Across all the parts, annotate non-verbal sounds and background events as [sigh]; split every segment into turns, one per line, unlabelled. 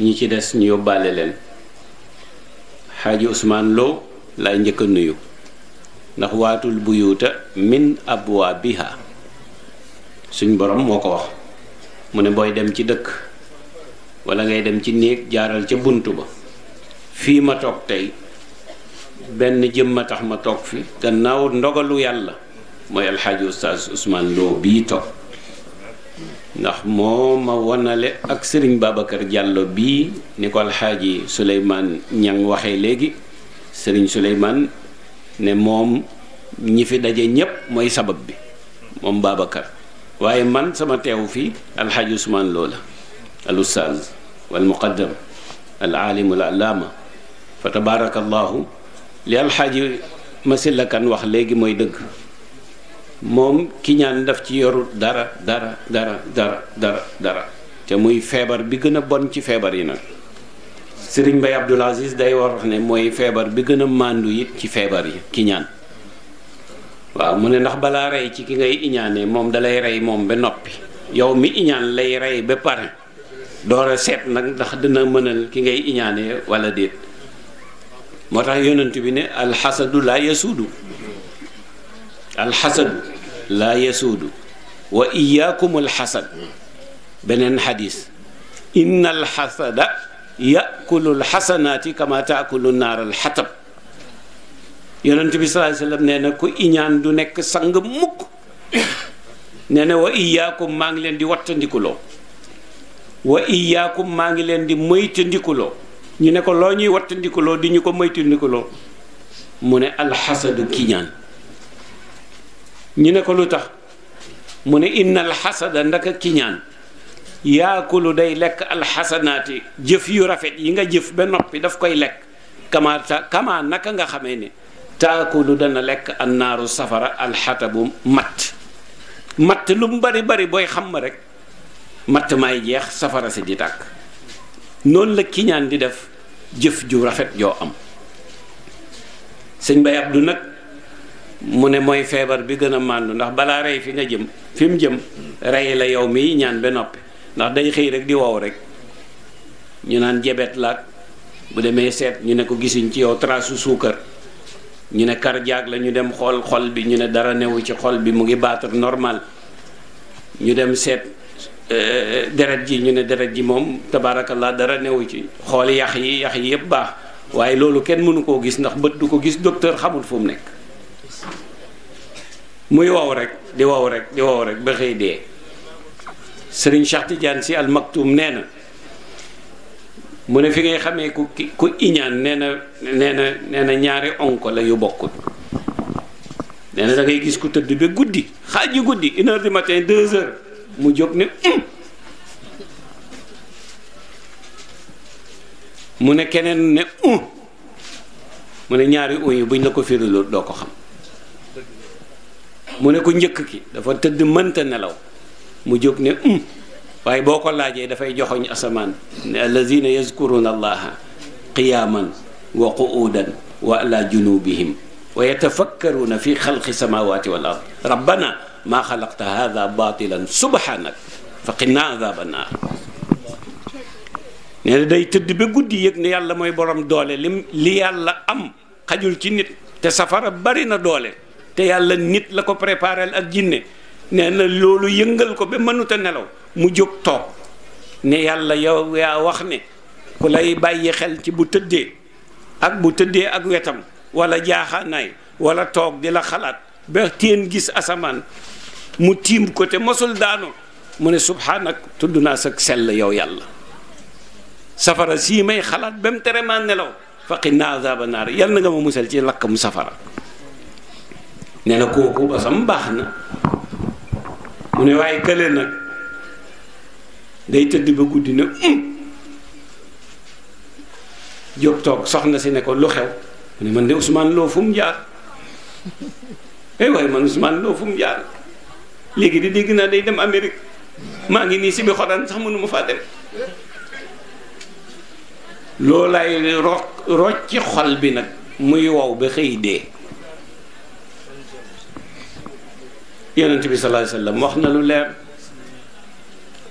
ñi ci des ñu yóbbaale leen xaaji Ousmane Lo laay njëkk a nuyu ndax waatul buyuuta min abwaabiha suñ boroom moo ko wax mu ne booy dem ci dëkk wala ngay dem ci néeg jaaral ca bunt ba fii ma toog tey benn jëm ma tax ma toog fi gannaaw ndogalu yàlla mooy alxaaji Oustaz Ousmane Lo bii toog ndax moo ma wonale ak sëriñ Babacar Diallo bii ni ko alxaaji Souleymane Niang waxee léegi sëriñ Souleymane ne moom ñi fi daje ñépp mooy sabab bi moom Babacar waaye man sama teew fi alxaaji Ousmane loola al ustaaz wal muqaddam al aalimu al allaama fa tabaarakallahu li alxaaji Masila Kane wax léegi mooy dëgg moom ki ñaan daf ci yoru dara dara dara dara dara te muy feebar bi gën a bon ci feebar yi nag Sëriñ Mbay Abdul Aziz day wax ne mooy feebar bi gën a màndu it ci feebar yi ki waaw mu ne ndax balaa rey ci ki ngay iñaanee moom dalay rey moom ba noppi yow mi iñaan lay rey ba pare doore seet nag ndax dina mënal ki ngay iñaane wala déet moo tax yonent bi ne alxasadu laa yasuudu alxasadu laa yasuudu wa iyaakum alxasad beneen xadis inna alxasada yakulu alxasanaati kama taakulu naar alxatab yonent bi sallallahu alayhi wasallam nee na ku iñaan du nekk sang mukk nee na wa iyaakum maa ngi leen di wattandikuloo wa iyaakum maa ngi leen di moytandikuloo ñu ne ko loo ñuy wattandikuloo di ñu ko moytandikuloo mu ne alxasadu kiñaan ñu ne ko lu tax mu ne inna alxasada ndaka kiñaan yaakulu day lekk alxasanaati jëf yu rafet yi nga jëf ba noppi daf koy lekk kama ta kama naka nga xamee ne taakulu dana lekk annaaru safara alxatabu matt matt lu mu bari bari booy xam ma rek matt may jeex safara si di tàkk noonu la kiñaan di def jëf ju rafet joo am sëñ Baye Abdou nag mu ne mooy feebar bi gën a màndu ndax balaa rey fi nga jëm fi mu jëm rey la yow mi ñaan ba noppi ndax day xëy rek di wow rek ñu naan jebet laag bu demee seet ñu ne ko gisuñ ci yow trasu suukar ñu ne kar cardiaque la ñu dem xool xol bi ñu ne dara newu ci xool bi mu ngi battre normal ñu dem seet euh, deret ji ñu ne deret ji moom tabarakallah dara newu ci xool yax yi yax yi yëpp baax waaye loolu kenn mënu koo gis ndax bët du ko gis docteur xamul fu nekk muy wow rek di wow rek di wow rek ba xëy dee sëriñ Cheikh Tidiane si almaktum nee mu ne fi ngay xamee ku ku iñaan nee na nee na nee na ñaari onko la yu bokkul nee na da ngay gis ku tëdd ba guddi xaaj yu guddi une heure du matin deux heures mu jóg ne mu ne keneen ne u mu ne ñaari uyu buñ la ko firiloot doo ko xam mu ne ko njëkk ki dafa tëdd mënta nelaw mu jóg ne um waaye boo ko laajee dafay joxoñ asamaan ne allazina yazkuruna allaha qiyaaman wa qu'udan wa ala junubihim wa yatafakkaruna fi xalqi samawati wal ard rabbana maa xalaqta hada batilan subhanak fa qinna adaba naar nee na day tëdd ba guddi yëg ne yàlla mooy borom doole lim li yàlla am xajul ci nit te safara bari na doole te yàlla nit la ko préparel ak jinne neena na loolu yëngal ko ba mënuta nelaw mu jóg toog ne yàlla yow yaa wax ne ku lay bàyyi xel ci bu tëddee ak bu tëddee ak wetam wala jaaxaanaay walla toog di la xalaat ba teen gis asamaan mu tiim ko te masul daano mu ne subhaanak tudd naa sa sell yow yàlla safara sii may xalaat ba mu tere maa nelaw faqi naa azaaba naar yal na nga ma musal ci lakk mu safara nee na kooku basam baax na mu ne waaye kële nag day tëdd ba guddi na um. jóg toog soxna si ne ko lu xew mu ne man de Ousmane Lo fu mu jaar ay [laughs] eh waaye fu mu jaar léegi di dégg naa day dem Amérique maa ngi nii si bi xoraan sax mënuma faa dem loolaay ro rocci xol bi nag muy wow ba xëy dee yonent bi sallallahu alayhi wasallam wax na lu leer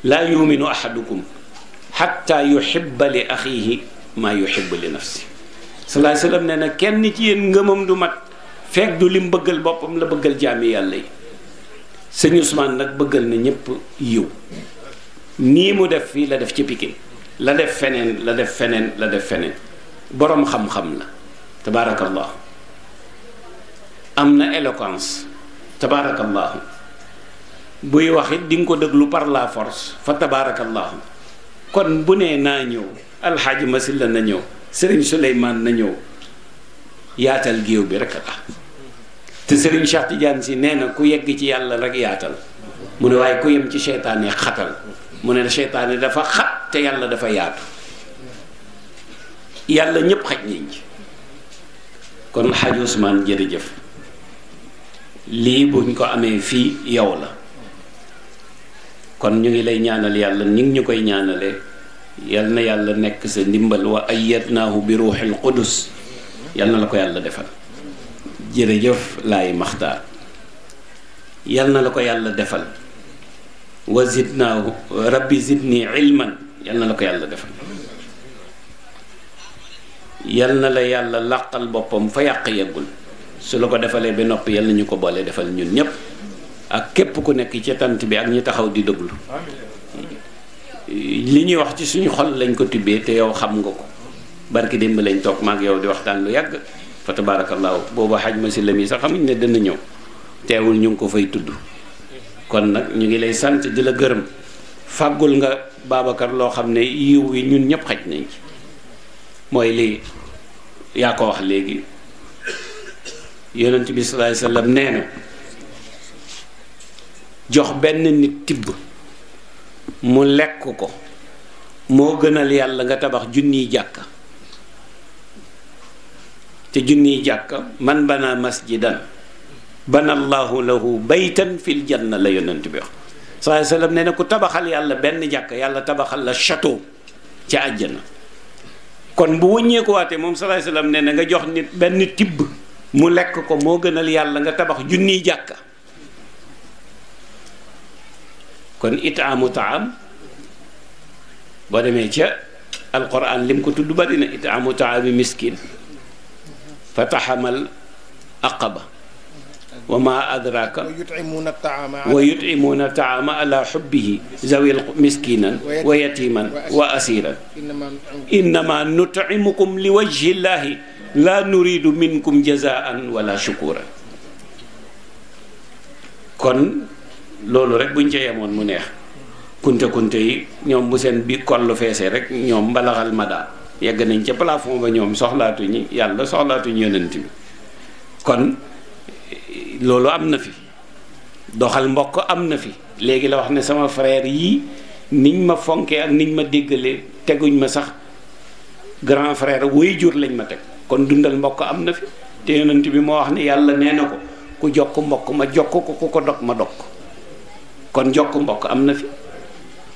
laa yuminu ahadukum xatta yuhibba li axiihi maa yuhibbu li nafsi sallallahu alayhi wasallam nee na kenn ci yéen ngëmam du mat fekk du lim bëggal boppam la bëggal jaami yàlla yi sëñ Ousmane nag bëggal na ñëpp yiw nii mu def fii la def ci Pikine la def feneen la def feneen la def feneen boroom xam-xam la tabaarakallah am na éloquence tabaarakallaahu buy wax it di nga ko par la force fa tabaarakallaahu kon bu ne naa ñëw alxaaji masila na ñëw sëriñ Souleymane na ñëw yaatal géew bi rek la te sëriñ Cheikh si nee na ku yegg ci yàlla rekk yaatal mu ne waaye ku yem ci seytaane xatal mu ne seytaane dafa xat te yàlla dafa yaatu yàlla ñépp xaj nañ ci kon xaaji Ousmane jërëjëf lii buñ ko amee fii yow la kon ñu ngi lay ñaanal yàlla ñu ñu koy ñaanale yal na yàlla nekk sa ndimbal wa ayyadnaahu bi ruuxil qudus yal na la ko yàlla defal jërëjëf laay maxtaar yal na la ko yàlla defal wa zidnaahu rabbi zidni ilman yal na la ko yàlla defal yal na la yàlla làqal boppam fa yàq yeggul su la ko defalee ba noppi yal na ñu ko boole defal ñun ñëpp ak képp ku nekk ci tant bi ak ñu taxaw di déglu li ñuy wax ci suñu xol lañ ko tibbee te yow xam nga ko barki démb lañ toog maak yow di waxtaan lu yàgg fa tabaarakallaahu boobu xaj ma si la mi sax xamuñ ne dana ñëw teewul ñu ngi ko fay tudd kon nag ñu ngi lay sant di la gërëm fàggul nga Babacar loo xam ne yiw yi ñun ñëpp xaj nañ ci mooy lii yaa ko wax léegi yonent bi salaay sallam nee na jox benn nit tibb mu lekk ko moo gënal yàlla nga tabax junni jàkka te junniy jàkka man bana masjidan bana allahu lahu baytan fil janna la yonent bi wax salaay sallam nee na ku tabaxal yàlla benn jàkka yàlla tabaxal la château ca àjjana kon bu wëññeekuwaatee moom salaay sallam nee na nga jox nit benn tibb mu lekk ko moo gënal yàlla nga tabax junniy jàkka kon itaamu taam boo demee ca alquran lim ko tudd bari na itaamu taami miskin fa taxamal aqaba wa ma adraka wa yutimuuna taama ala xubbihi zawil miskinan wa yatiman wa asiran innama nutimukum li wajhi llahi laa nuridu minkum jazaan wala shukuran kon loolu rek buñ ca yemoon mu neex kunte kunte yi ñoom bu seen bi koll feesee rek ñoom mbalaxal mada yegg nañ ca plafond ba ñoom soxlaatuñu yàlla soxlaatuñu yonent bi kon loolu am na fi doxal mbokk am na fi léegi la wax ne sama frère yi niñ ma fonkee ak niñ ma déggalee teguñ ma sax grand frère way jur lañ ma teg kon dundal mbokk am na fi te yonent bi moo wax ne yàlla nee na ko ku jokk mbokk ma jokk ko ku ko dog ma dog kon jokk mbokk am na fi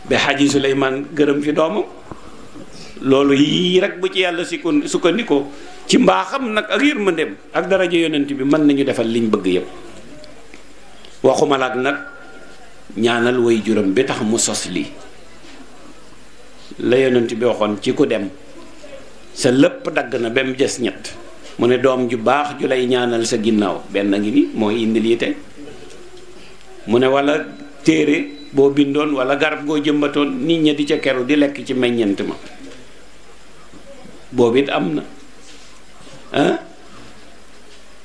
ba xaji suleymaan gërëm fi doomam loolu yii rek bu ci yàlla si sukkandiku sukkandikoo ci mbaaxam nag ak yërmandeem ak daraja yonent bi mën nañu defal liñ bëgg yëpp waxuma la nag ñaanal way juróom bi tax mu sos lii la yonent bi waxoon ci ku dem sa lépp dagg na ba mu des ñett mu ne doom ju baax ju lay ñaanal sa ginnaaw benn ngi ni mooy indi mu ne walla téere boo bindoon wala garab goo jëmbatoon nit ña di ca keru di lekk ci meññent ma boobu am na ah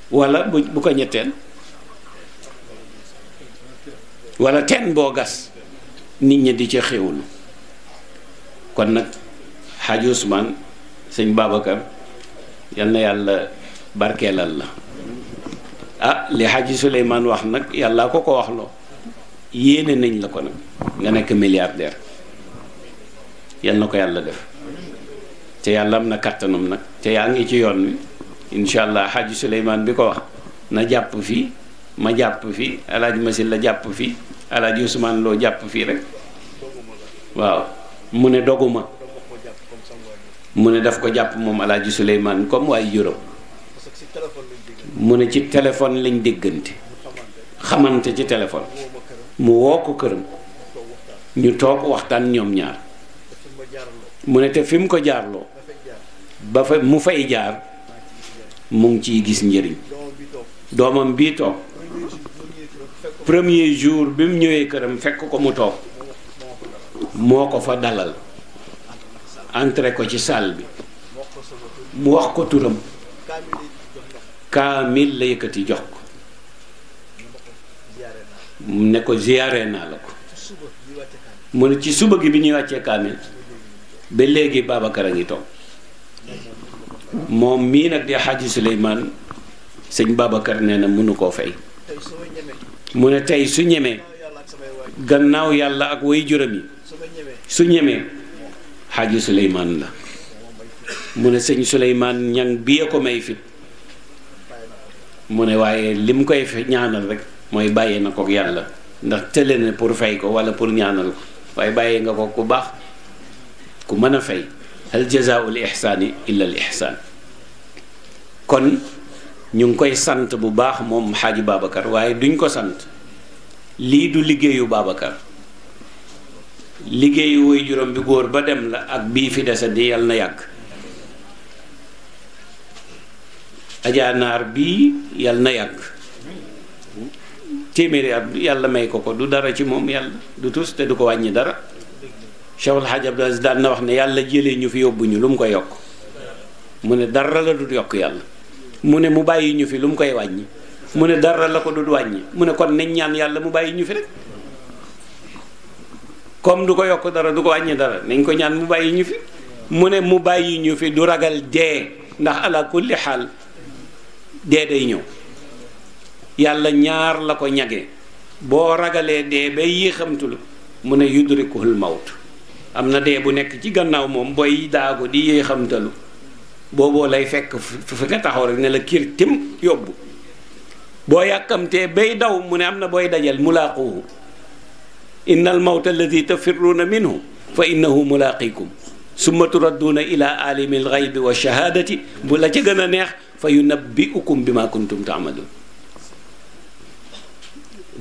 wala bu bu ko ñetteel wala teen boo gas nit ña di ca xéwlu kon nag xaaju Usmaan sëñ Babacar yal na yàlla barkeelal la ah li Hadji Souleymane wax nag yàlla ko ko wax loo yéene nañ la ko nag nga nekk milliardaire yal na ko yàlla def te yàlla am na kàttanum nag te yaa ngi ci yoon wi incha allah Hadji Souleymane bi ko wax na jàpp fii ma jàpp fii alaaji Masil la jàpp fii alaaji Ousmane loo jàpp fii rek waaw mu ne doguma mu ne daf ko jàpp moom alaaji Souleymane comme waaye juróom mu ne ci téléphone lañ déggante xamante ci téléphone mu woo ko këram ñu toog waxtaan ñoom ñaar mu ne te fi mu ko jaarloo ba fa mu fay jaar mu ngi ciy gis njëriñ doomam bii toog premier jour bi mu ñëwee këram fekk ko mu toog moo ko fa dalal entré ko ci salle bi mu wax ko turam kaamil la yëkkati jox ko ne ko ziyaare naa la ko mu ne ci suba gi bi ñuy wàccee kaamil ba léegi Babacar a ngi toog moom mii nag di Xaaji Suleymaan sëñ Babacar nee na mënu koo fay mu ne tey su ñemee gannaaw yàlla ak way juram yi su ñemee xaaji Souleymane la mu ne sëñ Souleymane ñang bi ko may fit mu ne waaye li koy koy ñaanal rek mooy bàyyee na ko yàlla ndax tële na pour fay ko wala pour ñaanal ko waaye bàyyee nga ko bu baax ku mën a fay hal jazaa'ul ihsaani illa ihsaan kon ñu ngi koy sant bu baax moom xaaji Babacar waaye duñ ko sant lii du liggéeyu Babacar liggéeyu woy juróom bi góor ba dem la ak bii fi dese di yal na yàgg ajanaar bii yal na yàgg téeméeri at yàlla may ko ko du dara ci moom yàlla du tus te du ko wàññi dara Cheikhul Hadj Abdou Aziz daan na wax ne yàlla jëlee ñu fi yóbbu ñu lu mu ko yokk mu ne dara la du yokk yàlla mu ne mu bàyyi ñu fi lu mu koy wàññi mu ne dara la ko du wàññi mu ne kon nañ yàlla mu bàyyi ñu fi rek comme du ko yokk dara du ko wàññi dara nañ ko ñaan mu bàyyi ñu fi mu ne mu bàyyi ñu fi du ragal dee ndax ala kulli xaal dee day ñëw yàlla ñaar la ko ñage boo ragalee dee bay yéexamtul mu ne yudrikuhul mawt am na dee bu nekk ci gannaaw moom booy daagu di yéexamtalu booboo lay fekk fi nga taxaw rek ne la kiir tim yóbbu boo yàkkamtee bay daw mu ne am na booy dajal mulaaquhu innal mawta alladi tafirruuna minhu fa innahu mulaaqikum summa turadduuna ila aalimi alxaybi wa shahaadati bu la ca gën a neex fa yunabbiukum bi ma kuntum taamaluun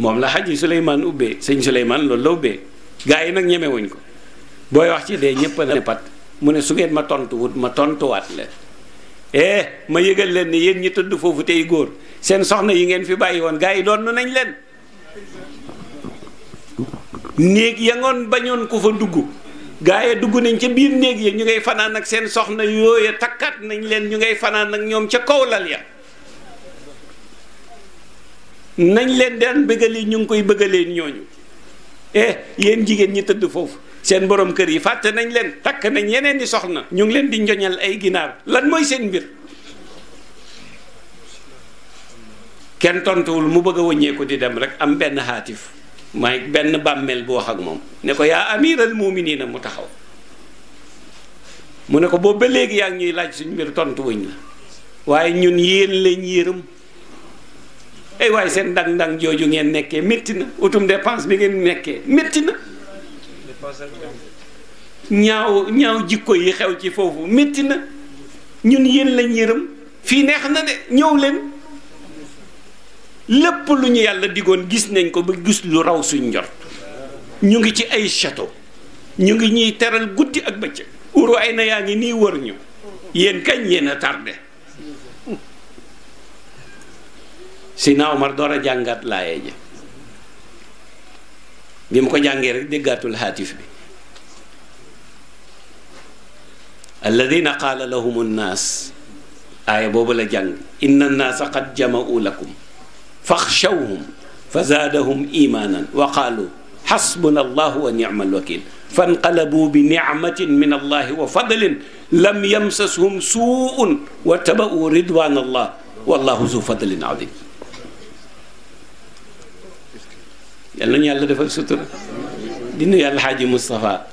moom la xaj Suleymaan sëñ Suleymaan loolu la gaa yi nag ñemewuñ ko booy wax ci dee ñépp ne mu ne su ngeen ma tontuwut ma tontuwaat leen eh ma yëgal leen ni yéen ñi tëdd foofu tey góor seen soxna yi ngeen fi bàyyi woon gaa yi doon nu nañ leen néeg ya bañoon ko fa dugg gaa ya dugg nañ ca biir néeg ya ñu ngay fanaan ak seen soxna yooya takkaat nañ leen ñu ngay fanaan ak ñoom ca kaw ya nañ leen daan bëggalee ñu ngi koy bëggalee ñooñu eh yéen jigéen ñi tëdd foofu seen boroom kër yi fàtte nañ leen takk nañ yeneen di soxna ñu ngi leen di njoñal ay ginaar lan mooy seen mbir kenn tontuwul mu bëgg a wëññeeku di dem rek am benn xaatif may benn bàmmeel bu wax ak moom ne ko yaa amiral muminina mu taxaw mu ne ko boobu léegi yaa ngi ñuy laaj suñ mbir tontu wuñ la waaye ñun yéen lañ yërëm ay waaye seen ndang-ndang jooju ngeen nekkee métti na utum dépense bi ngeen nekkee metti na ñaaw ñaaw jikko yi xew ci foofu metti na ñun yéen lañ yërëm fii neex na de ñëw leen lépp lu ñu yàlla diggoon gis nañ ko ba gis lu raw suñ njort ñu ngi ci ay château ñu ngi ñuy teral guddi ak bëccëg uru ay na yaa ngi nii wër ñu yéen kañ yéen a tardé Sina Omar door a jàngaat laaye ja bi mu ko jàngee rek déggaatul haatif bi alladina qaala lahum nnaas aaya boobu la jàng inna nnaasa qad jama'u lakum faxshawhum fa zaadahum imaanan wa qaalu xasbuna allahu wa nicma alwakiil fanqalabu bi nicmatin min allahi wa fadlin lam yamsashum suun wa tabau ridwan allah wallahu zu fadlin azim yal nañu yàlla defal sutura dinu yàlla xaaji Moustapha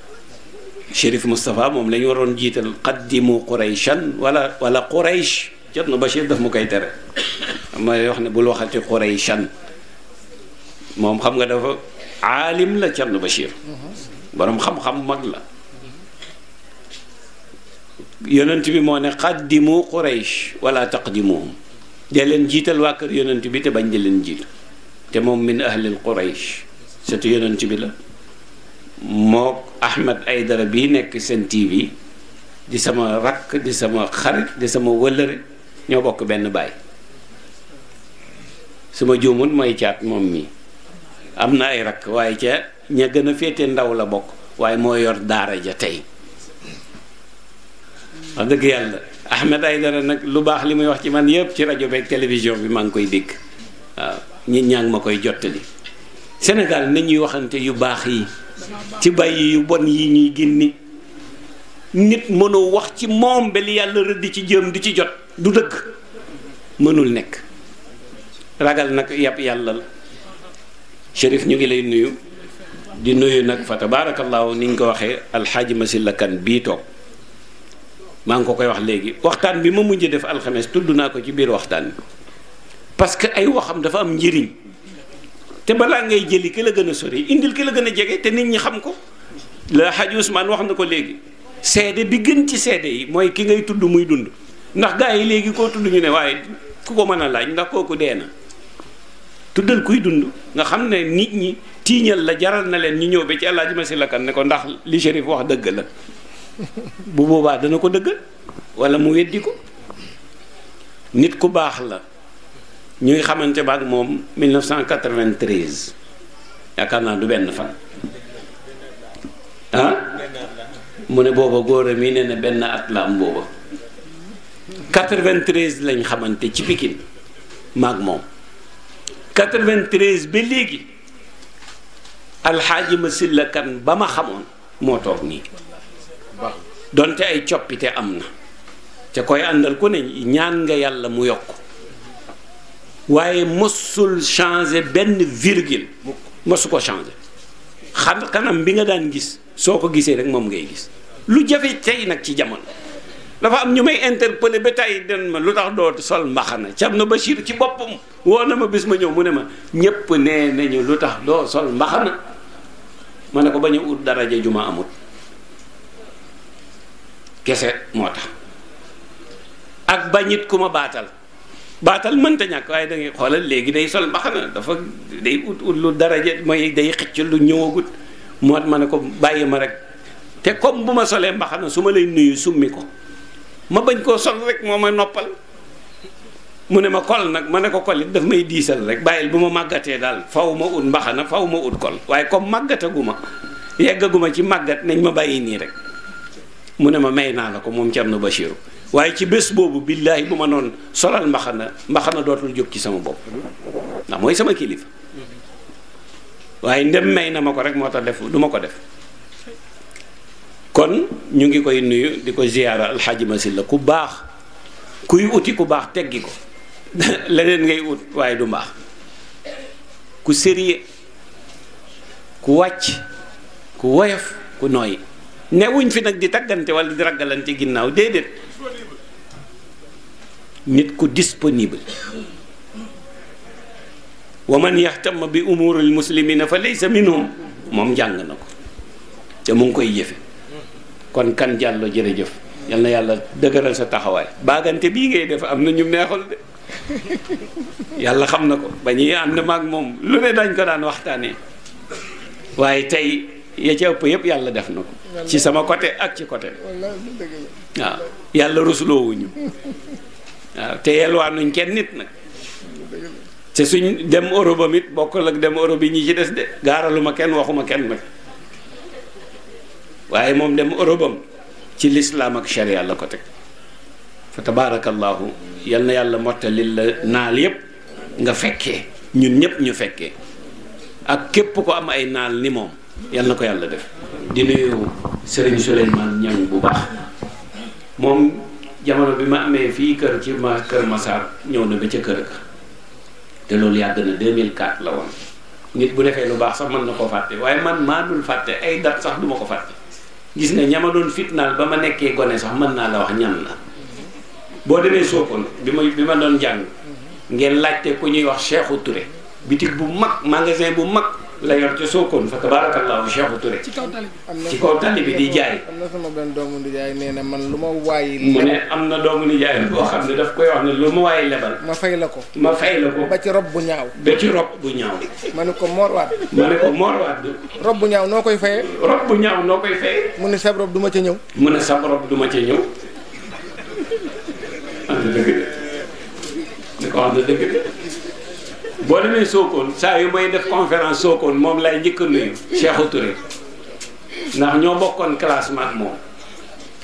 Chérif Moustapha moom la ñu waroon jiital qaddimu qurayshan wala wala quraysh Cerno Bachir daf ma koy tere may wax ne bul waxati Xurayshan moom xam nga dafa aalim la Cerno Bachir borom xam-xam mag la yonent bi moo ne qaddimu Quraysh wala taqdimuhum dee leen jiital waa kër yonent bi te bañ di leen jiital te moom min ahlil Quraysh surtout yonent bi la moo Ahmed Aydara bii nekk seen TV di sama rakk di sama xarit di sama wëllëre ñoo bokk benn baay su ma juumut mooy caat moom mi am na ay rakk waaye ca ña gën a féete ndaw la bokk waaye moo yor daara ja tey wax dëgg yàlla Ahmed Aïdara nag lu baax li muy wax ci man yëpp ci rajo beeg télévision bi maa ngi koy dégg waaw ñi ñaa ma koy jottali Sénégal nañuy waxante yu baax yi ci bàyyi yu bon yi ñuy génni nit mënoo wax ci moom ba yàlla rëdd ci jëm di ci jot du dëkk mënul nekk ragal nag yàpp yàlla la Chérif ñu ngi lay nuyu di nuyu nag fa tabaarakallaahu ni ñu ko waxee alxaaji Masila Kan bii toog maa ngi ko koy wax léegi waxtaan bi ma mujj def alxemes tudd naa ko ci biir waxtaan bi parce que ay waxam dafa am njëriñ te balaa ngay jëli ki la gën a sori indil ki la gën a jege te nit ñi xam ko la xaaji Ousmane wax na ko léegi seede bi gën ci seede yi mooy ki ngay tudd muy dund ndax gars yi léegi koo tudd ñu ne waaye ku ko mën a laaj ndax kooku dee na tuddal kuy dund nga xam ne nit ñi tiiñal la jaral na leen ñu ñëw bi ci El Hadj Massiré Kane ne ko ndax li Chérif wax dëgg la bu boobaa dana ko dëggal wala mu weddi ko nit ku baax la ñuy xamante ba ak moom 1993 yaakaar naa du benn fan ah mu ne booba góor a mii ne ne benn at la am booba. 93 lañ xamante ci Pikine maak moom 93 bi léegi alxaaji ma silla ba ma xamoon moo toog nii donte ay coppite am na te koy àndal ku ne ñaan nga yàlla mu yokk waaye mosul changer benn virgule mosu ko changer xam kanam bi nga daan gis soo ko gisee rek moom ngay gis lu jafe tey nag ci jamono dafa am ñu may interpellé ba tàyyi den ma lu tax doo sol mbaxana cam na Bachir ci boppam woo na ma bis ma ñëw mu ne ma ñépp nee nañu lu tax doo sol mbaxana ma ne ko bañ a ut daraja ju ma amut kese moo tax ak bañit ku ma baatal baatal mënta ñàkk waaye da ngay xoolal léegi day sol mbaxana dafa day ut ut lu daraja may day xëcc lu ñëwagut moo ma ne ko bàyyi ma rek te comme bu ma solee mbaxana su ma lay nuyu summi ko ma bañ koo sol rek moo ma noppal mu ne ma kol nag ma ne ko kol it daf may diisal rek bàyyil bu ma màggatee daal faw ma ut mbaxana faw ma ut kol waaye comme màggataguma yeggaguma ci màggat nañ ma bàyyi nii rek mu ne ma may naa la ko moom Thierno Bachirou waaye ci bés boobu billaahi bu ma noon solal mbaxana mbaxana dootul jóg ci sama bopp ndax mooy sama kilifa waaye ndem may na ma ko rek moo tax def du ma ko def kon ñu ngi koy nuyu di ko ziyaara alxaaji masil la ku baax kuy uti ku baax teggi ko [laughs] leneen ngay ut waaye du mbaax ku sérieux ku wàcc ku woyof ku noy newuñ fi nag di taggante wala di raggalante ginnaaw déedéet nit ku disponible wa man yaxtam bi umuuril muslimiina fa laysa minhum moom jàng na ko te mu ngi koy jëfe kon kan jàllo jërëjëf yal na yàlla dëgëral sa taxawaay bagante bii ngay def am na ñu neexul de yàlla xam na ko ba ñuy ànd maag moom lu ne dañ ko daan waxtaanee waaye tey ya ca ëpp yëpp yàlla def na ko ci sama côté ak ci côté
waaw
yàlla rusloowuñu waaw te yelwaanuñ kenn nit nag te suñ dem Europe am it bokkul ak dem Europe yi ñi ci des de gaaraluma kenn waxuma kenn nag waaye moom dem Europe ci lislaam ak sharia la ko teg fa tabaarakallaahu yal na yàlla mottali la naal yépp nga fekkee ñun ñépp ñu fekkee ak képp ko am ay naal ni moom yal na ko yàlla def di nuyu Serigne Souleymane Niang bu baax moom jamono bi ma amee fii kër ci ma kër Massar ñëw na ba ca kër ga te loolu yàgg na 2004 la woon nit bu defee lu baax sax mën na koo fàtte waaye man maa dul fàtte ay dat sax du ma ko fàtte gis nga ñama doon fitnaal ba ma nekkee gone sax mën naa la wax ñan la boo demee Sokone bi ma bi ma doon jàng ngeen laajte ku ñuy wax Cheikhou ture bitig bu mag magasin bu mag la yor ca Sokone fa tabaarakallaahu Cheikh Touré. ci kaw tali bi ci kaw tali bi di jaay. am na sama benn doomu nijaay nee na man lu ma waaye mu am na doomu nijaay boo xam ne daf koy wax ne lu ma waayi lebal. ma fay la ko ma fay la ko. ba ci rob bu ñaaw. ba ci rob bu ñaaw. ma ne ko moorwaat. ma ne ko moorwaat. rob bu ñaaw noo koy fayee. rob bu ñaaw noo koy fayee. mu ne sab rob du ma ca ñëw. mu ne sab rob duma ma ca ñëw. am ko am na dëgg boo demee Sokone saa yu may def conférence sookoon moom laay njëkk a nuyu Cheikh Touré ndax ñoo bokkoon classement ak moom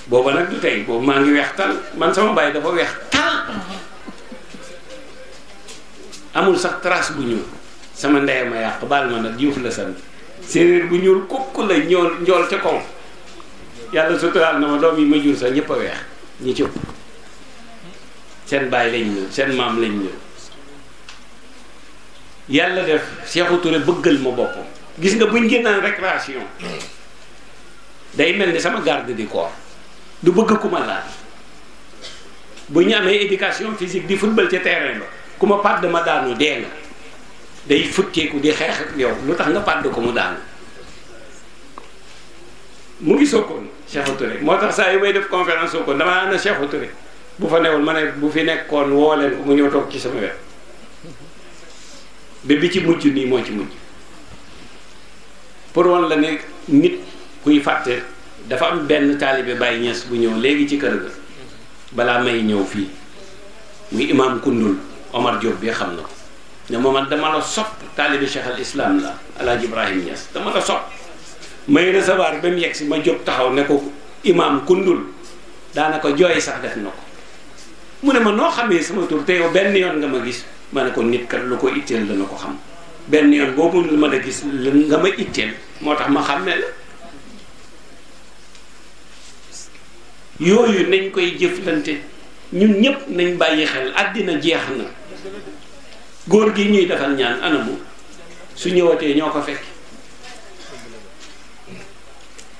booba nag du tey boobu maa ngi weex tal man sama baay dafa weex tal amul sax trace bu ñuul sama ndey ma yàq baal ma nag Juuf la sant séeréer bu ñuul kukk la ñool njool ca kaw yàlla suturaal na ma doom yi ma jur sax ñëpp a weex ñu cëpp seen baay lañ ñëw seen maam lañ ñëw yàlla def Cheikhou Touré bëggal ma bopp gis nga buñ génnaan récréation day mel ni sama garde du corps du bëgg ku ma laal bu ñu amee éducation physique di football ca terrain ba ku ma pàdd ma daanu dee nga day futteeku di xeex yow lu tax nga pàdd ko mu daanu mu ngi sookoon Cheikhou Touré moo tax saa yu may def conference sookoon damaa ana Cheikhou Touré bu fa newul ma ne bu fi nekkoon woo leen mu ñëw toog ci sama wet ba bi ci mujj nii moo ci mujj pour wan la ne nit kuy fàtte dafa am benn taalibe Baye Niass bu ñëw léegi ci kër ga balaa may ñëw fii muy imaam kundul Omar Diop bi xam na ko ne moom dama la sopp taalibe Cheikh al Islam la Alaaji Ibrahim Niass dama la sopp may recevoir ba mu yegg si ma jóg taxaw ne ko imaam kundul daanaka jooy sax def na ko mu ne ma noo xamee sama tur te yow benn yoon nga ma gis ma ne ko nit kat lu ko itteel dana ko xam benn yoon boobu la mën a gis nga ma itteel moo tax ma xàmmee la yooyu nañ koy jëflante ñun ñëpp nañ bàyyi xel àddina jeex na góor gi ñuy defal ñaan anamu su ñëwatee ñoo ko fekk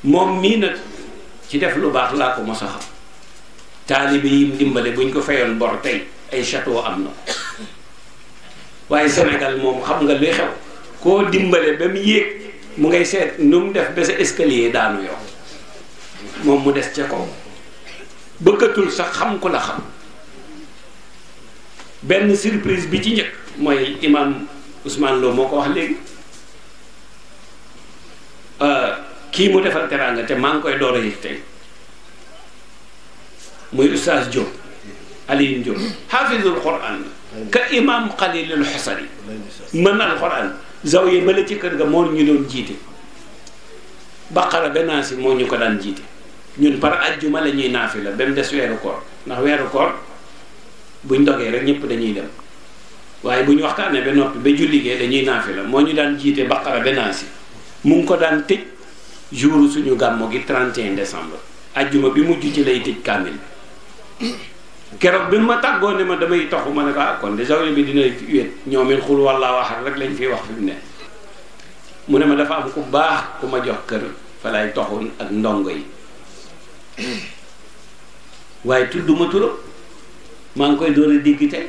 moom mii nag ci def lu baax laa ko mos a xam taalibe yi mu dimbale buñ ko fayoon bor tey ay château am na waaye Sénégal moom xam nga luy xew koo dimbale ba mu yéeg mu ngay seet nu mu def ba sa escalier daanu yow moom mu des ca kaw bëggatul sax xam ku la xam benn surprise bi ci njëkk mooy imam Ousmane Lo moo ko wax léegi euh, kii mu defal teraanga te maa ngi koy door a yëg tey muy oustaz Diop Alioune Diop xaafizul Quran la ka imam xalilul xosari mën alxuraan zawiya ba ci kër ga moo ñu doon jiite baqara benaa si moo ñu ko daan jiite ñun par ajjuma la ñuy naafi la ba mu des weeru koor ndax weeru koor buñ dogee rek ñëpp dañuy dem waaye bu ñu waxtaanee ba noppi ba julligee dañuy naafi la moo ñu daan jiite baqara benaa si mu ngi ko daan tëj jour suñu gàmmo gi 31 décembre ajjuma bi mujj ci lay tëj kaamil bi keroog bi ma tàggoo ne ma damay taxu ma ne ko ah kon de zawle bi dina wéet ñoom it xul walla wax rek lañ fiy wax fi mu ne mu ne ma dafa am ku baax ku ma jox kër fa lay toxoon ak ndongo yi waaye tudduma turam maa ngi koy door a tey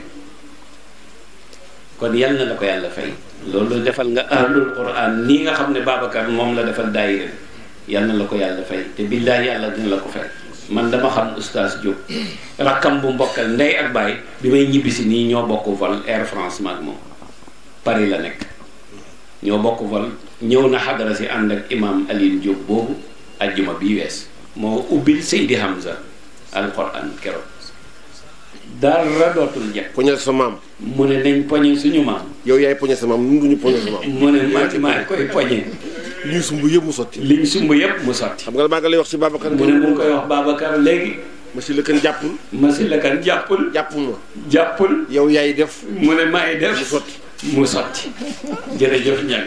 kon yal na la ko yàlla fay loolu defal nga ahlul quran nii nga xam ne Babacar moom la defal daayira yal na la ko yàlla fay te billahi yàlla dina la ko fay man dama xam oustaz Diop rakkam bu mbokkal ndey ak baay bi may ñibbisi nii ñoo bokk vol Air France maag moom Paris la nekk ñoo bokk vol ñëw na xadara si ànd ak imam Alioune Diop boobu ajjuma bii wees moo ubbil Seydi Hamza alquran keroog dara dootul jekk poñe sa maam mu ne nañ poñe suñu maam yow yaay poñe sa maam nun duñu poñe sa maam mu ne maa ci maa koy poñe li sumb yëpp mu sotti. li ñu sumb yëpp mu sotti. xam nga maa ngi lay wax si Babacar. mu ne mu ngi koy wax Babacar léegi. Massi la kan jàppul. Massi la kan jàppul. jàppul ma. jàppul. yow yaay def. mu ne maay def mu sotti. mu sotti jërëjëf ñag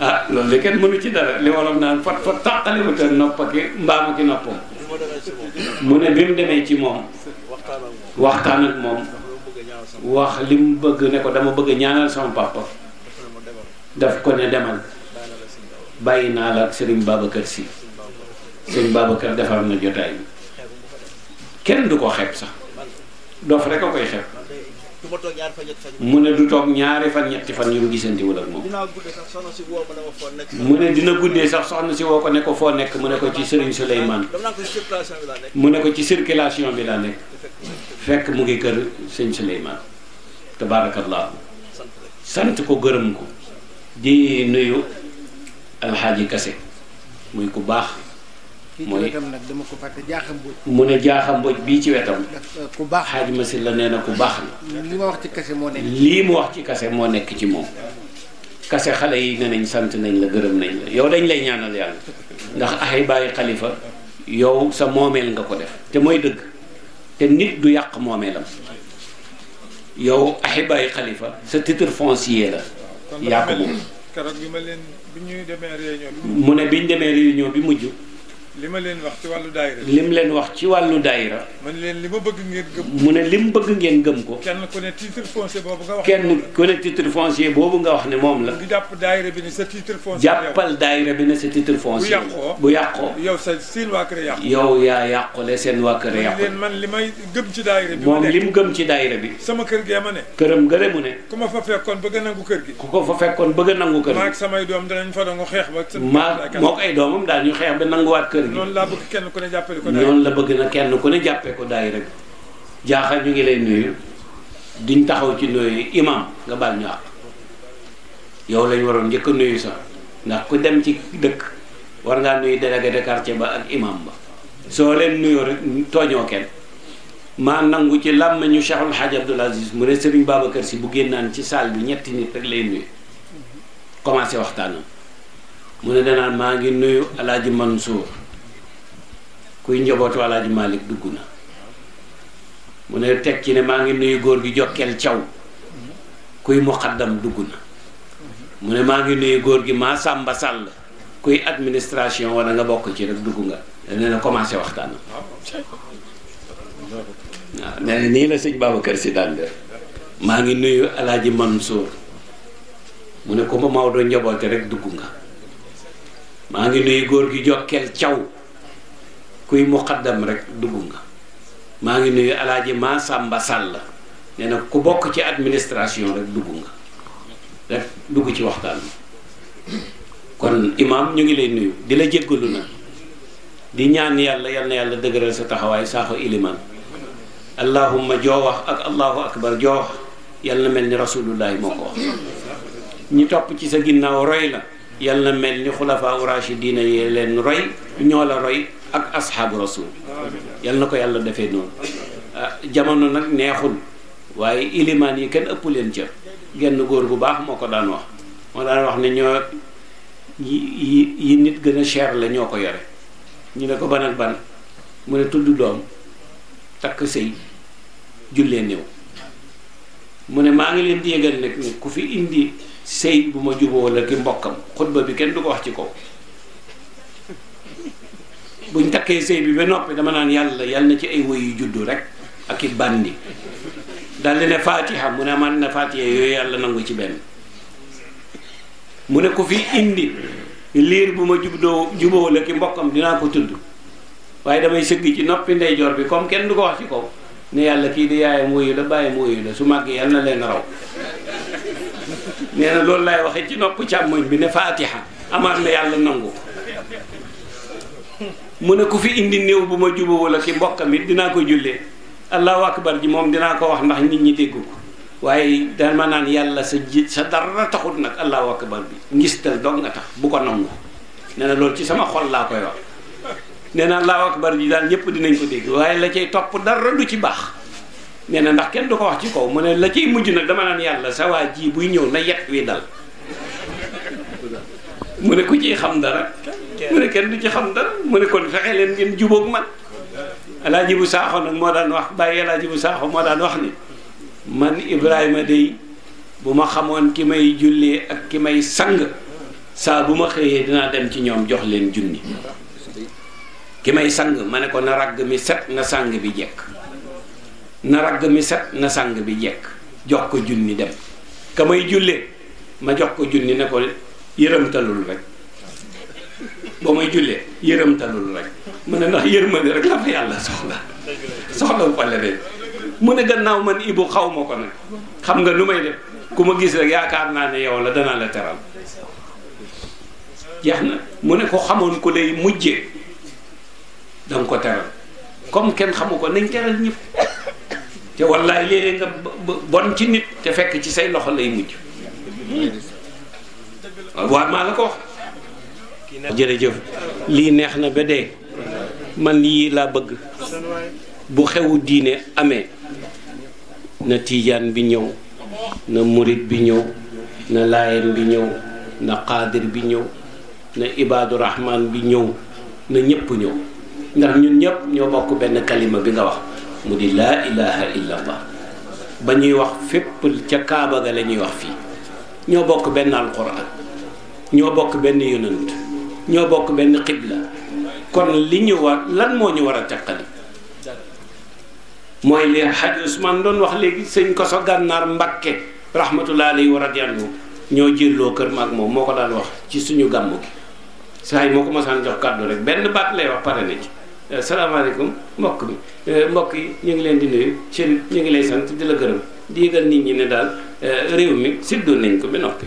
ah loolu de kenn mënu ci dara li waroon naan fat fat tàqali wuta noppa ki mbaama ki noppam mu ne bi mu demee ci moom waxtaan ak moom wax li mu bëgg ne ko dama bëgg ñaanal sama papa daf ko ne demal bàyyi naa la ak sëriñ Babacar si sëriñ Babacar defar na jotaay bi kenn du ko xeeb sax dof rekk a koy xeeb mu ne du toog ñaari fan ñetti fan yu mu gisantiwul ak moom mu ne dina guddee sax soxna si woo ko ne ko foo nekk mu ne ko ci sëriñ Souleymane mu ne ko ci circulation bi laa nekk fekk mu ngi kër sëñ Souleymane tabaarakallahu sant ko gërëm ko di nuyu alxaaji kase muy ku baax mooy mu ne jaaxam mboj bii ci wetam uh, ku baax xaaji masin la nee na ku baax la li ma wax ci kase moo nekk lii mu wax ci kase moo nekk ci moom kase xale yi ne nañ sant nañ la gërëm nañ la yow dañ lay ñaanal yàlla ndax axay bàyyi xalifa yow sa moomeel nga ko def te mooy dëgg te nit du yàq moomeelam yow axay bàyyi xalifa sa titre foncier la yaa ko ma mu ne bi ñu demee réunion bi mujj li ma leen wax ci wàllu daayira. lim leen wax ci wàllu daayira. mu ne leen mu ne lim bëgg ngeen gëm ko. kenn ku
ne titre foncier boobu nga wax.
kenn ku ne titre foncier boobu nga wax ne moom la. di jàpp
daayira bi ne sa titre foncier. jàppal
daayira bi ne sa titre foncier. bu yàqoo bu yàqoo.
yow seen waa kër yàqu.
yàqule
man li may gëm ci daayira bi. moom lim
gëm ci daayira bi. sama kër gee ma ne. këram gëre mu ne. ku ma fa fekkoon bëgg nangu kër gi. ku ko fekkoon bëgg nangu kër gi.
maag doom danañ fa nangu xeex ba. maag moo ko
ay doomam daal ñu xeex ba nanguwaat kër bi la
bëgg kenn ku ne jàppee ko noonu la bëgg na
kenn ku ne jàppee ko daay rek jaaxal ñu ngi lay nuyu diñ taxaw ci nuyu imam nga baal ñu àq yow lañ waroon njëkk a nuyu sax ndax ku dem ci dëkk war ngaa nuyu délégué de quartier ba ak imam ba soo leen nuyoo rek tooñoo kenn maa nangu ci làmmiñu Cheikhul Hadj Abdoul Aziz mu ne Serigne Babacar si bu naan ci salle bi ñetti nit rek lay nuyu commencé waxtaanam mu ne danaan maa ngi nuyu El Hadj Mansour kuy njobootu alaaji Malick dugg na mu ne teg ci ne maa ngi nuyu góor gi jokkeel caw kuy muqaddam dugg na mu ne maa ngi nuyu góor gi maa sàmba sàll kuy administration wala nga bokk ci rek dugg nga nee na commencé waxtaan waaw nee na nii la sëñ Babacar si daan maa ngi nuyu man Mansour mu ne ko ma Maodo njaboote rek dugg nga maa ngi nuyu góor gi jokkeel caw kuy muqaddam rek dugg nga maa ngi nuyu alaaji maa sàmba sàll nee na ku bokk ci administration rek dugg nga rek dugg ci waxtaan kon imaam ñu ngi lay nuyu di la jéggalu na di ñaan yàlla yal na yàlla dëgëral sa taxawaay saaxo iliman allahumma joo wax ak allahu akbar joo wax yal mel ni rasulullahi moo ko wax ñi topp ci sa ginnaaw roy la yal na mel ni xulafaa u raashidiina yi leen roy ñoo la roy ak asxaabu rasul yal na ko yàlla defee noonu ah, jamono nag neexul waaye ilimaan yi kenn ëpp leen ca genn góor bu baax moo ko daan wax moo daan wax ne ñoo yi yi nit gën a cher la ñoo ko yore ñu ne ko ban ban mu ne tudd doom takk sëy jullee néew mu ne maa ngi leen di yëgal nag ne ku fi indi sëy bu ma juboo la ki mbokkam xutba bi kenn du ko wax ci kaw buñ takkee sëy bi ba noppi dama naan yàlla yàlla na ci ay woy yu juddu rek ak i bandi dal di ne fatiha mu ne man na fatiha yooyu yàlla nangu ci benn mu ne ko fi indi liir bu ma jubdoo juboo la ki mbokkam dinaa ko tudd waaye damay sëgg ci noppi ndeyjoor bi comme kenn du ko wax ci kaw ne yàlla kii di yaayam woyu la bàyyam woyu la su màggee yàlla na leen raw nee na loolu laay waxee ci nopp càmmoñ bi ne fatiha amaat na yàlla nangu mu ne ku fi indi néew bu ma juba wala ki mbokkam it dinaa ko jullee allahu akbar ji moom dinaa ko wax ndax nit ñi dégg ko waaye dama naan yàlla sa ji sa dara taxut nag allahu akbar bi ngistal dog nga tax bu ko nangu ne na loolu ci sama xol laa koy wax nee na allahu akbar ji daal ñëpp dinañ ko dégg waaye la cay topp dara du ci baax nee na ndax kenn du ko wax ci kaw mu ne la cay mujj nag dama naan yàlla sa waa jii buy ñëw na yet wi dal mu ne ku ciy xam dara mu ne kenn du ci xam dara mu ne kon fexe leen ngeen jubóog man alaaji bu saaxoo nag moo daan wax bàyyi alaaji bu saaxo moo daan wax ni man Ibrahima day bu ma xamoon ki may jullee ak ki may sang saa bu ma xëyee dinaa dem ci ñoom jox leen junni ki may sang ma ne ko na ragg mi set na sang bi jekk na ragg mi set na sang bi jekk jox ko junni dem ka may jullee ma jox ko junni ne ko yërëmtalul rek ba may jullee yërëmtalul rek mu ne ndax yërmande rek la fa yàlla soxla soxla bu fa leneen mu ne gannaaw man ibu xaw ma ko nag xam nga lu may de ku ma gis rek yaakaar naa ne yow la danaa la teral jeex na mu ne ko xamoon ku lay mujjee danga ko teral comme kenn xamu ko nañ teral ñëpp te wallaay léeg-léeg nga bon ci nit te fekk ci say loxo lay mujj waaw maa la ko wax jërëjëf lii neex na ba dee man yii laa bëgg bu xewu diine amee na tiijaan bi ñëw na murit bi ñëw na laayeen bi ñëw na xaadir bi ñëw na ibaadu rahmaan bi ñëw na ñëpp ñëw ndax ñun ñëpp ñoo bokk benn kalima bi nga wax mu di laa ilaha illa ba ñuy wax fépp ca kaaba ga la ñuy wax fii ñoo bokk benn alquran ñoo bokk benn yonant ñoo bokk benn xibla kon li ñu war lan moo ñu war a teqali mooy li xaj Ousmane doon wax léegi sëñ koso gànnaar Mbàkke rahmatullahi war a radiyallahu ñoo jëlloo kër maag moom moo ko daan wax ci suñu gàmmu gi saa yi moo ko masaan jox kàddu rek benn baat lay wax pare na ci eh, salaamaaleykum mbokk mi eh, mbokk yi ñu ngi leen di nuyu Chérif ñu ngi lay sant di la gërëm di yëgal nit ñi ne daal eh, réew mi siddu nañ ko ba noppi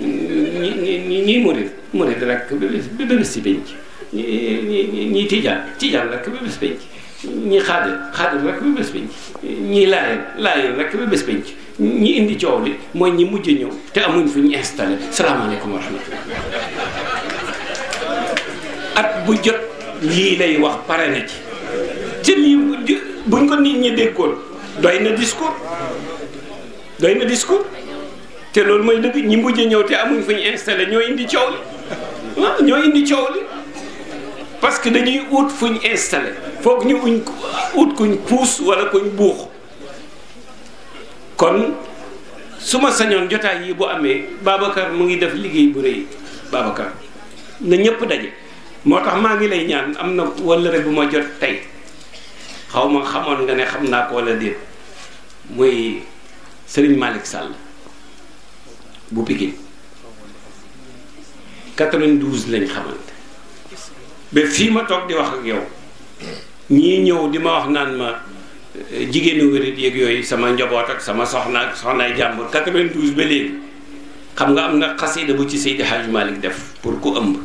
mm, ñuy murid murid rek ba bés ba bés si penc ñi ñi ñi tijaan tijaan rek ba bés penc ñi xaadir xaadir rek ba bés penc ñi laayeen laayeen rek ba bés penc ñi indi coow li mooy ñi mujj ñëw te amuñ fi ñu installé salaamaaleykum wa rahmatullah at bu jot lii lay wax pare na ci te lii buñ ko nit ñi déggoon doy na discours doy na discours te loolu mooy dëgg ñi mujj ñëw te amuñ fu ñu installé ñoo indi coow li waaw ñoo indi coow li parce que dañuy ut fu ñu installé foog ñu uñ ut kuñ puus wala kuñ buux kon su ma sañoon jotaay yi bu amee Babacar mu ngi def liggéey bu rëy Babacar na ñëpp daje moo tax maa ngi lay ñaan am na wëllëre bu ma jot tey xaw ma xamoon nga ne xam naa ko walla déet muy sëriñ Malick sàll bu Pikine 92 lañ xamante ba fii ma toog di wax ak yow ñii ñëw di ma wax naan ma eh, jigéenu wérit yeeg yooyu sama njaboot ak sama soxna ak soxnaay jàmbur 92 ba léegi xam nga am na xasida bu ci Seydi Hadj Malick def pour ku ëmb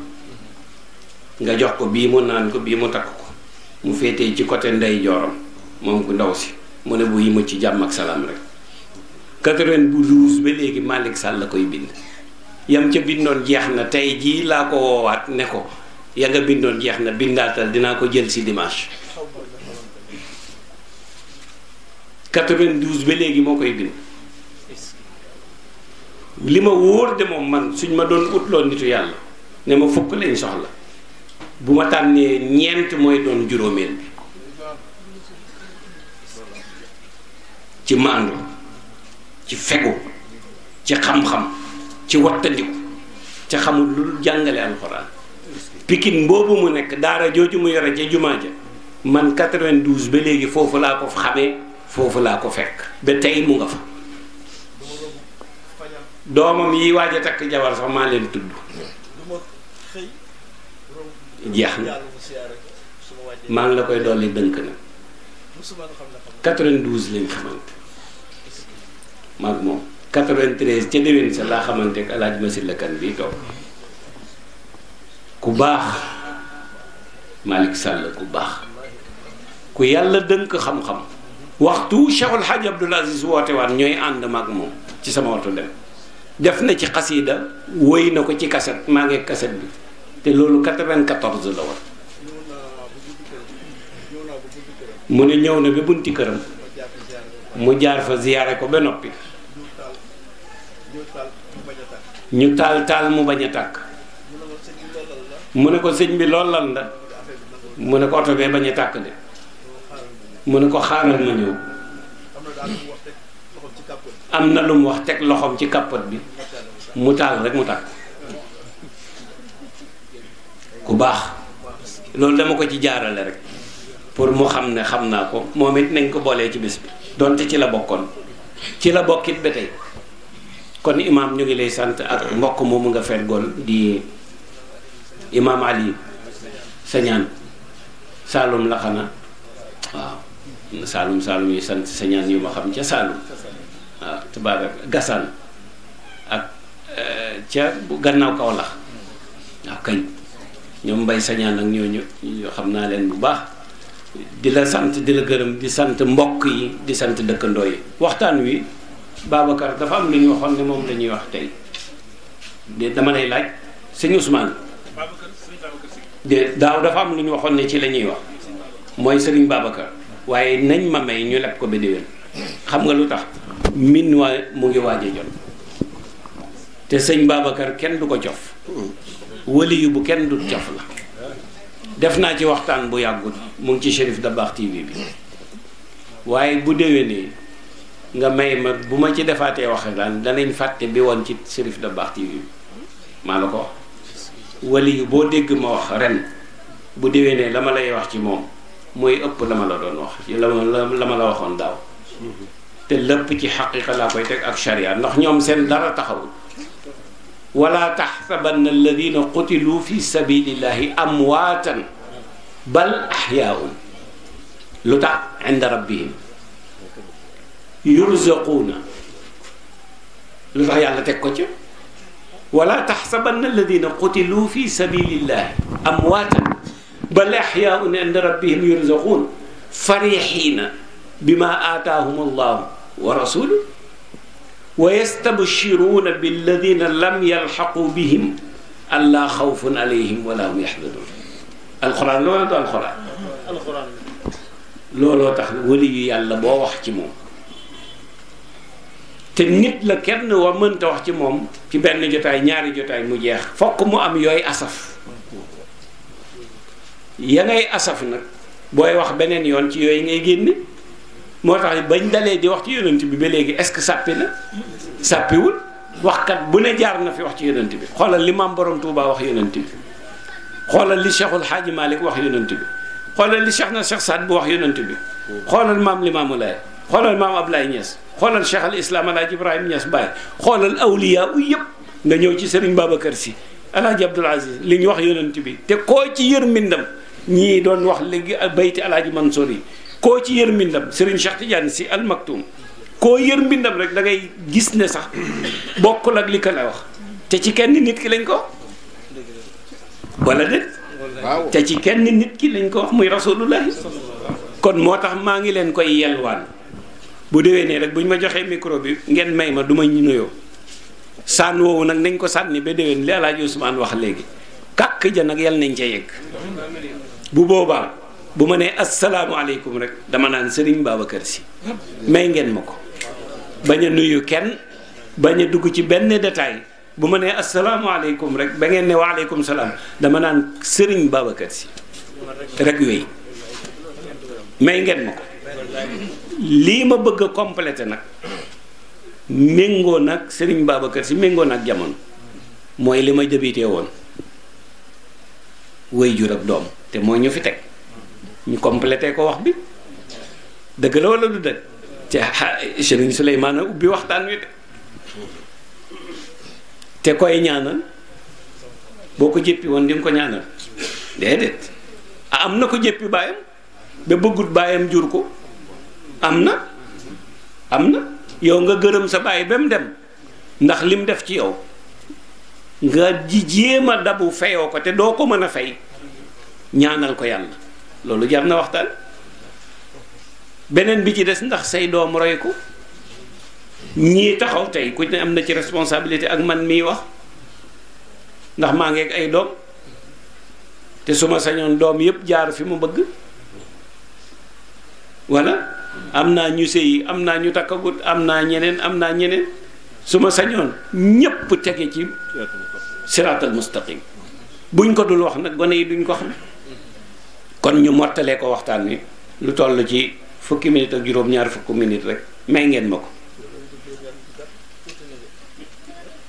nga jox ko bii mu naan ko bii mu takk ko mu féetee ci côté ndey jooram moom ku ndaw si mu ne bu yi mu ci jàmm ak salaam rek 92 ba léegi malik Sall la koy bind yam ca bindoon jeex na tey jii laa ko woowaat ne ko ya nga bindoon jeex na bindaatal dinaa ko jël si dimanche 92 ba léegi moo koy bind li ma wóor de moom man suñ ma doon utloo nitu yàlla ne ma fukk lañ soxla bu ma tànnee ñeent mooy doon juróomeel bi ci maandu ci fegu ci xam-xam ci wattandiku ci xamul lu jàngale alxuraan pikin boobu mu nekk daara jooju mu yore ca jumaa ja man 92 ba léegi foofu laa ko xamee foofu laa ko fekk ba tey mu nga fa doomam yi waaj a takk jabar sax maa leen tudd jeex na maa ngi la koy dolli dënk na 92 lañ xamante maag moom 93 ca déwén sa laa xamante ak alaaj masil la kan bii toog ku baax Malick sàll ku baax ku yàlla dënk xam-xam waxtu Cheikhul Hadj Abdoul Aziz woote waan ñooy ànd maag moom ci sama watu dem def na ci xasida woy na ko ci kaset maa ngi kaset bi te loolu 94 la woon mu ne ñëw na bi bunti këram mu jaar fa ziyaare ko ba noppi ñu taal taal mu bañ a tàkk mu ne ko sëñ bi lool lan la mu ne ko oto bee bañ a tàkk de mu ne ko xaaral ma ñëw am na lu mu wax teg loxoom ci kàppat bi mu taal rek mu tàkk ku baax loolu dama ko ci jaarale rek pour mu xam ne xam naa ko moom it nañ ko boolee ci bés bi donte ci la bokkoon ci la bokkit ba tey kon imaam ñu ngi lay sant ak mbokk moomu nga feggoon di imaam ali sañaan saalum la xanaa waaw saalum saalum yi sant sañaan yu ma xam ca saalum waaw tubaab gasaan ak eh, ca gannaaw kaw lax waaw kañ ñoom mbay sañaan ak ñooñu ñoo xam naa leen bu baax di la sant di la gërëm di sant mbokk yi di sant dëkkandoo yi waxtaan wi Babacar dafa am lu ñu waxoon ne moom la ñuy wax tey dama lay laaj sëñ Ousmane daaw dafa am lu ñu waxoon ne ci la ñuy wax mooy sëriñ Babacar waaye nañ ma may ñu leb ko ba déwén xam nga lu tax min wa mu ngi waaje jot te sëñ Babacar kenn du ko cof waliyu bu kenn du cof la def naa ci waxtaan bu yàggut mu ngi ci Chérif Dabakh TV bi waaye bu déwénee nga may ma bu ma ci defaatee wax ak laan danañ fàtte bi woon ci de baax TV maa la ko wax wali boo dégg ma wax ren bu déwénee la ma lay wax ci moom mooy ëpp la ma la doon wax la la ma la waxoon daaw te lépp ci xaqiqa laa koy teg ak sharia ndox ñoom seen dara taxawul wala taxsabanna alladina qutilu fi sabilillahi amwaatan bal axyaaun lu tax inda rabbihim yurzaquuna lu tax yàlla teg ko ca wala taxsabanna alladina qutilu fi sabilillahi amwaatan bal axyaaun inda rabbihim yurzaquun farixiina bima aataahum allahu wa rasuluh wa yastabshiruuna billadina lam yalxaqu bihim allaa xawfun alayhim wala hum yaxzanuun alxuraan looloo tax wali yu yàlla boo wax ci moom te nit la kenn wa mënta wax ci moom ci benn jotaay ñaari jotaay mu jeex fokk mu am yooy asaf ya ngay asaf nag booy wax beneen yoon ci yooyu ngay génne moo tax bañ dalee di wax ci yonent bi ba léegi est-ce que sàppi na sàppiwul waxkat bu ne jaar na fi wax ci yonent bi xoolal li maam borom Touba wax yonent bi xoolal li Cheikhul Xaaji Malik wax yonent bi xoolal li Cheikh na Cheikh Saad bu wax yonent bi xoolal maam Limaamu Laay xoolal maam Ablaye Niass xoolal Cheikh al Islam El Hadj Ibrahima Niass Baye xoolal awliya u yëpp nga ñëw ci Serigne Babacar Sy El Hadj Abdoul Aziz li wax yonent bi te koo ci yër mbindam ñii doon wax léegi bayti El Hadj Mansour yi koo ci yër mbindam Serigne Cheikh Tidiane Sy Al Maktoum koo yër mbindam rek dangay gis ne sax bokkul ak li ka la wax ci kenn nit ki lañ ko wala te ci kenn nit ki lañ ko wax muy rasulullahi kon moo tax maa ngi leen koy yelwaan bu nee rek bu ñu ma joxee micro bi ngeen may ma du ma ñu nuyoo sànn woowu nag nañ ko sànni ba déwén li Alaaji Ousmane wax léegi kàkk ja nag yal nañ ca yegg bu boobaa bu ma nee asalaamualeykum rek dama naan Serigne Babacar Sy may ngeen ma ko bañ a kenn bañ a dugg ci benn détail bu ma nee asalaamualeykum rek ba ngeen ne waaleykum salaam dama naan Serigne Babacar Sy rek yooyu may ngeen ma ko. lii ma bëgg a nag méngoo nag Serigne Babacar si méngoo ak jamono mooy li ma débité woon waajur ak doom te mooy ñu fi teg ñu complété ko wax bi dëgg la wala du dëgg te Serigne Souleymane ubbi waxtaan wi de te koy ñaanal boo ko jéppi woon di ko ñaanal déedéet a ah, am na ko jéppi baayam ba bëggut baayam jur ko am na am na yow nga gërëm sa bàyyi ba mu dem ndax lim def ci yow nga ji jéem a dabu feyoo ko te doo ko mën a fay ñaanal ko yàlla loolu jar na waxtaan beneen bi ci des ndax say doom roy ko ñii taxaw tey ku ne am na ci responsabilité ak man mii wax ndax maa ngi ak ay doom te su ma sañoon doom yépp jaar fi mu bëgg wala am naa ñu sëyi am naa ñu takkagut am naa ñeneen am naa ñeneen su ma sañoon ñépp tege ci siraatal mustaqim buñ ko dul wax nag gone yi duñ ko xam kon ñu mottalee ko waxtaan wi lu toll ci fukki minute ak juróom-ñaar fukki minute rek may ngeen ma ko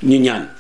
ñu ñaan